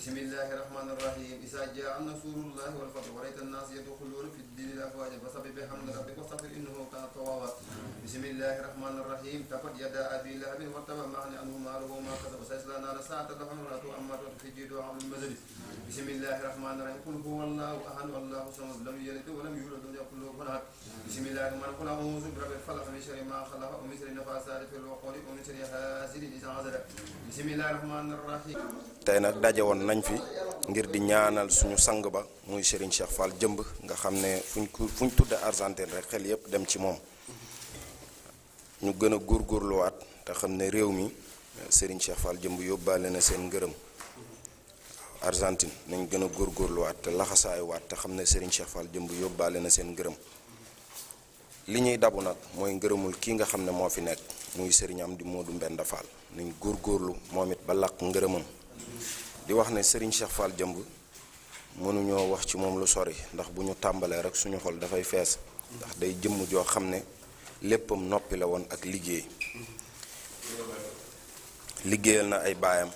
بسم الله الرحمن الرحيم إذا جاء نصر الله والفتح ورأيت الناس يدخلون في الدين أفواجا فسبح بحمد ربك واستغفر إنه كان توابا بسم الله الرحمن الرحيم تقد يدا أبي لهب وتبع معني عنه ماله وما كسب سيصلى نارا ساعة تدخل امرأة أما تفجي دعاء المزل بسم الله الرحمن الرحيم قل هو الله أحد الله الصمد لم يلد ولم يولد ولم يكن له كفوا بسم الله الرحمن الرحيم قل أعوذ برب الفلق من شر ما خلق ومن شر النفاثات في العقد ومن شر حاسد إذا حسد بسم الله الرحمن الرحيم tey nag daje woon nañ fi ngir di ñaanal suñu sang ba muy Serigne Cheikh Fall jëmb nga xam ne fuñ ko fuñ tudd Argentine rek xel yépp dem ci moom ñu gën a góorgóorluwaat te xam ne réew mi sëriñ Cheikh Fall jëmb yóbbaale na seen ngërëm Argentine nañ gën a góorgóorluwaat te laxasaayuwaat te xam ne Serigne Cheikh jëmb yóbbaale na seen ngërëm li ñuy dabu nag mooy ngërëmul kii nga xam ne moo fi nekk muy Serigne Amdi Modou Mbenda Fall nañ góorgóorlu moom it ba làq ngërëmam. li wax ne Serigne Cheikh Fall jëmb mënuñoo wax ci moom lu sori ndax bu ñu tàmbalee rek suñu xol dafay fees ndax day jëmm joo xam ne léppam noppi la woon ak liggéey liggéeyal na ay baayam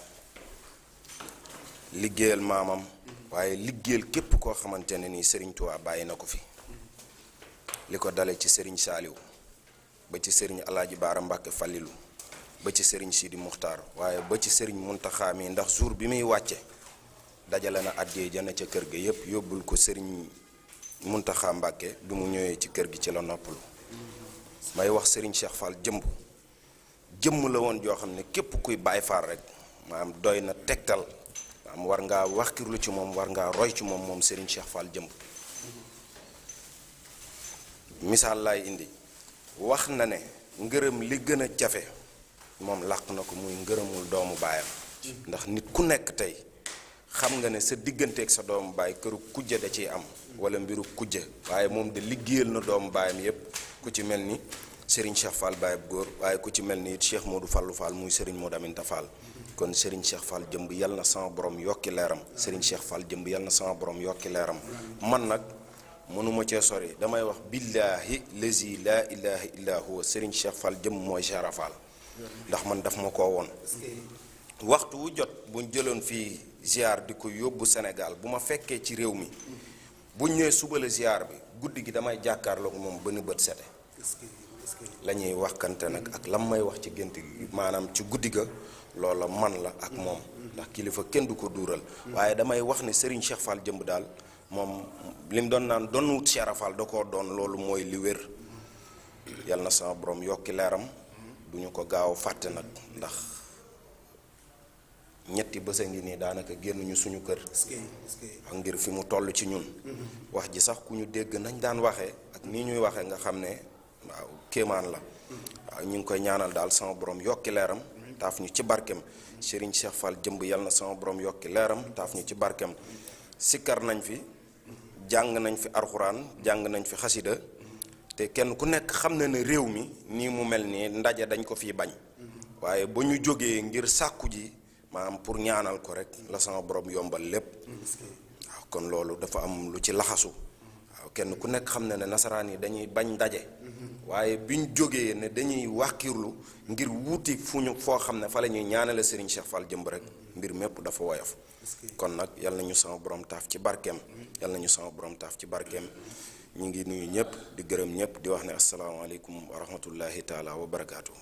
liggéeyal maamam waaye liggéeyal képp koo xamante ne nii Serigne Touba bàyyi na ko fi li ko dale ci Serigne saaliw ba ci Serigne Alaaji Baara Mbàkke Falilu ba ci sëriñ Serigne di Muxtaar waaye ba ci Serigne Muntaxa mi ndax jour bi muy wàcce dajale na àddee jana ca kër gi yépp yóbbul ko sëriñ Muntaxa Mbàkke bi mu ñëwee ci kër gi ci la noppalu may wax sëriñ Cheikh Fall jëmb jëmm la woon joo xam ne képp kuy Baay Faal rek maanaam doy na tegtal maanaam war ngaa waxkirlu ci moom war ngaa roy ci moom moom Serigne Cheikh Fall jëmb misaal laay indi wax na ne ngërëm li gën a jafe moom làq na ko muy ngërëmul doomu baayam ndax nit ku nekk tey xam nga ne sa digganteeg sa doomu baay këru kujja da ciy am wala mbiru kujja waaye moom de liggéeyal na doomu baayam yépp ku ci mel ni Serigne Cheikh Fall Baye góor waaye ku ci mel ni it Cheikh du Fallou Fall muy Serigne Modou Aminta Fall kon Serigne Cheikh Fall jëmb yal na sama borom yokki leeram Serigne Cheikh Fall jëmb yal na sama borom yokki leeram man nag mënuma cee sori damay wax bi lazi laa ilaaha mooy Cheikh ndax man daf ma ko woon waxtu wu jot bu jëloon fii ziar di ko yóbbu Sénégal bu ma fekkee ci réew mi buñ ñëwee suba la ziar bi guddi gi damay jàkkaarloog moom ba ni bët sete la ñuy waxkante nag ak lam may wax ci gént gi maanaam ci guddi ga loola man la ak moom ndax kilifa kenn du ko duural waaye damay wax ne Serigne Cheikh Fall jëmb daal moom li mu doon naan doon wut Cheikh Fall da koo doon loolu mooy li wér yal na sama borom yokki leeram bu ñu ko gaaw fàtte nag ndax ñetti bés nii daanaka génnuñu suñu kër ak ngir fi mu toll ci ñun mm-hmm. wax ji sax ku ñu dégg nañ daan waxee ak nii ñuy waxee nga xam ne waaw kéemaan la mm-hmm. waaw ñu ngi koy ñaanal daal sama boroom yokki leeram mm-hmm. taaf ñu ci barkem Serigne Cheikh Fall jëmb yal na sama borom yokki leeram taaf ñu ci barkem sikkar nañ fi jàng nañ fi arxuraan jàng nañ fi xasida te kenn ku nekk xam na ne réew mi nii mu mel nii ndaje dañ ko fi bañ waaye ba ñu jógee ngir sàkku ji maanaam pour ñaanal ko rek la sama borom yombal lépp waaw kon loolu dafa am lu ci laxasu waaw kenn ku nekk xam na ne nasaraan yi dañuy bañ ndaje waaye biñ jógee ne dañuy wàkkirlu ngir wuuti fu ñu foo xam ne fa la ñuy ñaanale Serigne Cheikh Fall jëmb rek mbir mépp dafa woyof kon nag yal nañu ñu sama borom taaf ci barkeem yal nañu ñu sama borom taaf ci barkeem ñu ngi nuyu ñëpp di gërëm ñëpp di wax ne asalaamaaleykum wa rahmatullahi taala wa barakaatu.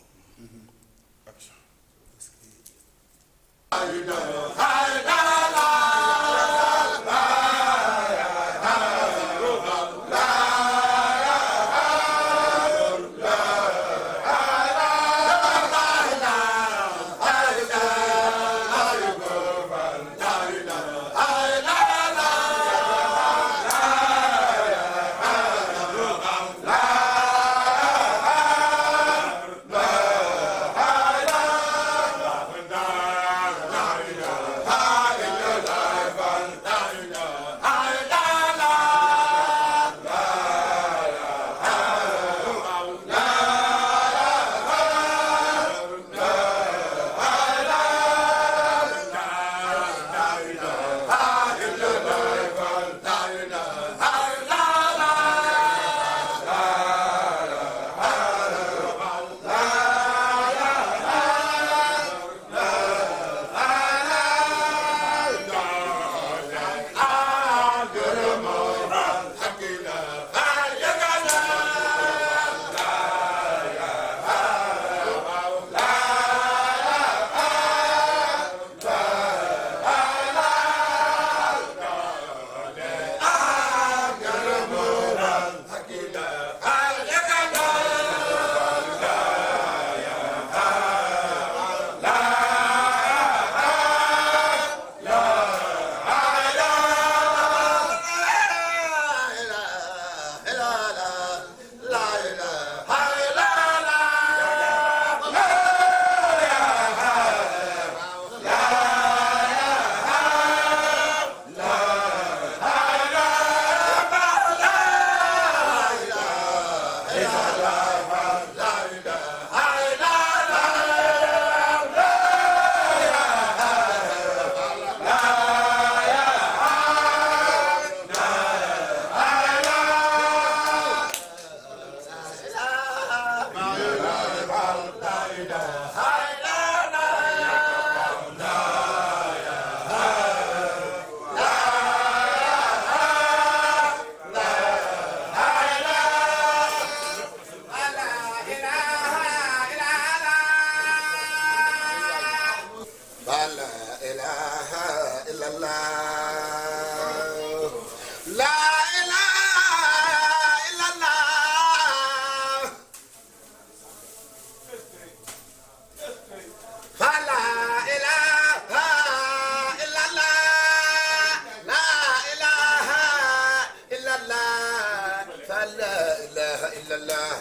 إلا الله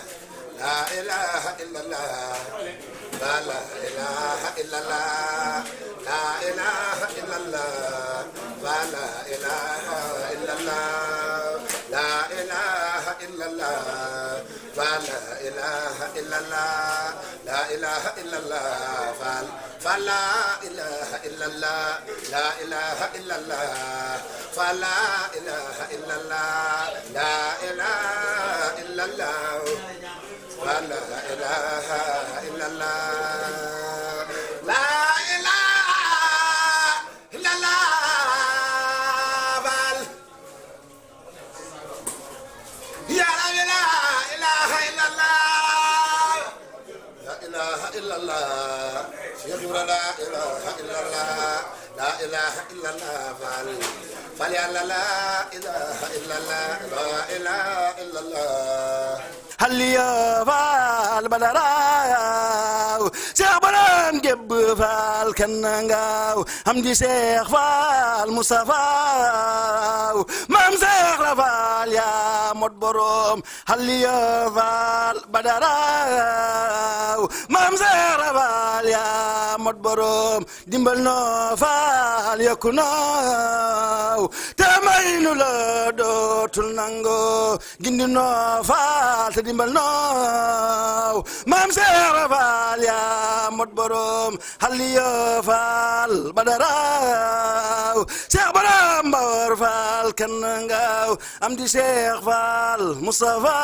لا إله إلا الله لا لا إله إلا الله لا إله إلا الله لا لا إله إلا الله لا إله إلا الله فلا إله إلا الله لا إله إلا الله فل فلا إله إلا الله لا إله إلا الله فلا إله إلا الله لا إله illallah la ilaha illallah Cheikh Ibra la ilaha illallah la ilaha illallah fal fal yàlla la ilaha illallah la ilaha illallah hal ya fal badara faal kenn am di seex faal musa faaw maam seex la faal yaa mot boroom xalliya faal badaraaw maam seex la faal yaa yaa mot dimbal noo faal yokku noo te nu la dootul nangoo gindi noo faal te dimbal noo maam seera faal yaa mot borom xalliyo faal badaraaw seex baram mbawar faal kan am di seex faal Mustafa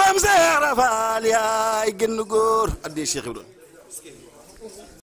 maam seera faal yaay génn góor addi Cheikh Ibrahima